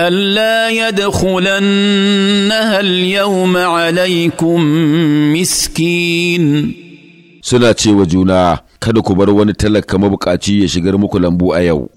ألا يدخلنها اليوم عليكم مسكين suna cewa juna kada ku bar wani talaka mabukaci ya shigar muku lambu a yau